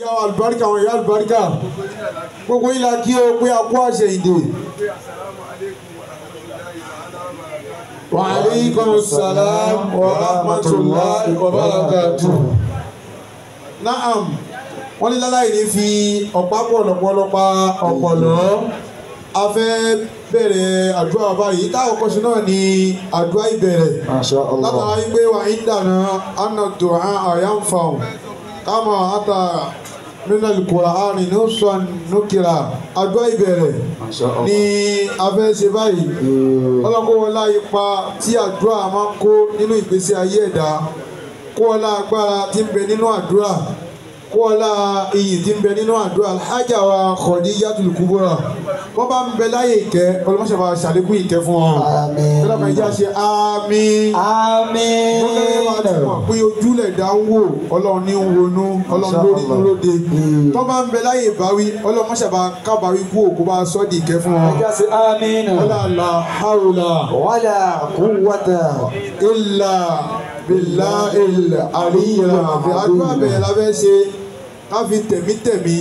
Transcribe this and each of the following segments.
ìyá wa àlùbáríkà àwọn ìyá àlùbáríkà gbogbo yín la kí o pé a kó àṣeyìndè. wa aleykum salaam wa rahmatulahi wa barakatu. naam wọ́n ní láláì ní fi ọ̀pá pọ̀ lọ́pọ̀lọpọ̀ ọ̀pọ̀lọ́ a fẹ́ bẹ̀rẹ̀ àdúrà báyìí tá àkọ́kọ́ náà ni àdúrà ìbẹ̀rẹ̀ látara wípé wà ń dànù ànàdùn àyànfà kama àtàrà nínú kùránì ní sọ̀n nùkìrà àdúà ìbẹ̀rẹ̀ ni a fẹ́ ṣe báyìí hmm. ọlọ́kọ̀wọlá ipa tí àdúrà máa ń kó nínú ìgbésí ayé ẹ̀dá kó ọlá agbára tí ń bẹ nínú àdúrà kọ́lá iyì tí ń bẹ nínú àdúrà alhaja wa Khadijatul Kubra wọ́n bá ń bẹ láyé ìkẹ́ ọlọ́mọṣẹ́ bá ṣàlékún ìkẹ́ fún ọ. àmín ìjà ṣe àmín. àmín. pé ojúlẹ̀ dá ọlọ́run ní ń ọlọ́run lórí lóde. tó bá ń bẹ láyé ìbáwí ọlọ́mọṣẹ́ bá kábàáwí kú òkú bá sọ́ di ìkẹ́ fún ọ. ìjà ṣe àmín. wala la hawla wala quwwata illa bìlá ilẹ̀ àríyá àbí àdúrà bẹ̀rẹ̀ la fẹ́ ṣe ká fi tẹ̀mítẹ̀mí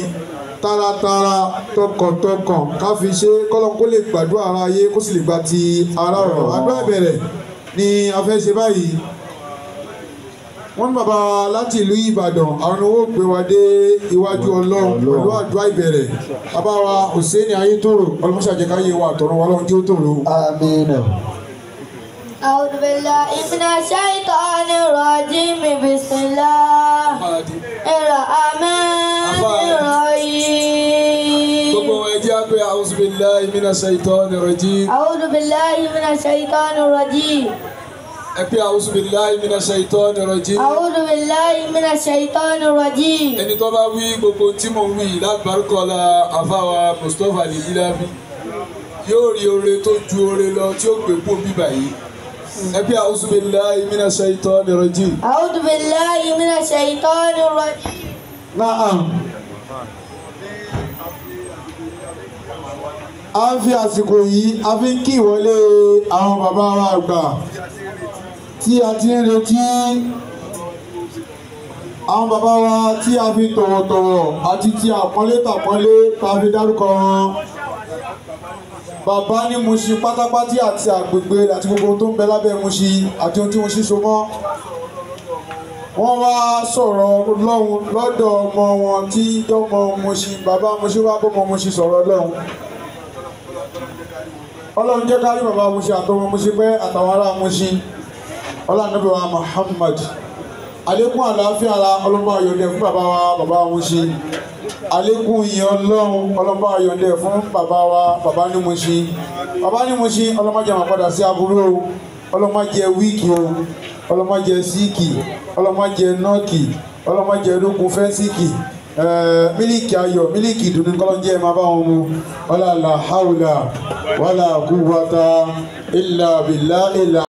taratara tọkàntọkàn ká fi ṣe kọ́lọ́n kó lè gbàdúrà ara yé kó sì lè gba ti ara rọ̀ àdúrà bẹ̀rẹ̀ ni a fẹ́ ṣe báyìí wọ́n ní bàbá láti ìlú Ìbàdàn àwọn owó gbé wa dé iwájú Ọlọ́run pẹ̀lú àdúrà ìbẹ̀rẹ̀ bàbá wa Hussein Ayétòrò ọlọ́mọṣàjẹká yé wa àtọ̀run wa Ọlọ́run أعوذ بالله من الشيطان الرجيم بسم الله الرحمن الرحيم أعوذ بالله من الشيطان الرجيم أعوذ بالله من الشيطان الرجيم ẹ̀pí àwùsù bìláì mina ṣàìtàn rọ̀jí. àwùsù bìláì mina ṣàìtàn rọ̀jí. ẹni tó bá wí gbogbo tí mo wí lágbàrúkọ̀lá àfáwà Mustapha Al-Jilani yóò rí oore tó ju oore lọ tí ó gbé kó bíbà yìí ẹbí àwùjọ bẹ láàyè mí náà ṣètò ní rọjí. àwùjọ bẹ láàyè mí náà ṣètò ní rọjí. náà a ń fi àsìkò yìí a fi ń kí ìwọlé àwọn bàbá wa àgbà tí a ti ń retí àwọn bàbá wa tí a fi tọ̀wọ̀tọ̀wọ̀ àti ti àpọ́nlé tàpọ́nlé tá a fi dárúkọ wọn bàbá ní Mùṣin pátápátí àti àgbègbè rẹ̀ àti gbogbo tó ń bẹ lábẹ́ Mùṣin àti ohun tí Mùṣin so mọ́ wọ́n wá sọ̀rọ̀ lọ́hùn lọ́dọ̀ ọmọ wọn tí dọ́mọ Mùṣin bàbá Mùṣin wá bọ́mọ Mùṣin sọ̀rọ̀ lọ́hùn ọlọ́run jẹ́ ká rí bàbá Mùṣin àtọmọ Mùṣin pẹ́ àtàwọn ará Mùṣin ọlọ́run náà bẹ̀rẹ̀ Muhammad àlékún àlàáfíà ara ọlọ́mọ ayọ̀dẹ̀ fún bàbá wa bàbá Mushin àlékún ìyẹn ọlọ́run ọlọ́mọ ayọ̀dẹ̀ fún bàbá wa bàbá ní Mushin bàbá ní Mushin ọlọ́mọdé àwọn padà sí aburú o ọlọ́mọdé wíìkì o ọlọ́mọdé síìkì ọlọ́mọdé nọ́ọ̀kì ọlọ́mọdé lókun fẹ́ńsìkì mílíkì ayọ̀ mílíkì ìdùnnú kọ́lọ́njẹ́ máa bá wọn mu wàlà làhàwùlà wàlà kúwàtà ìlà bìlà ìlà.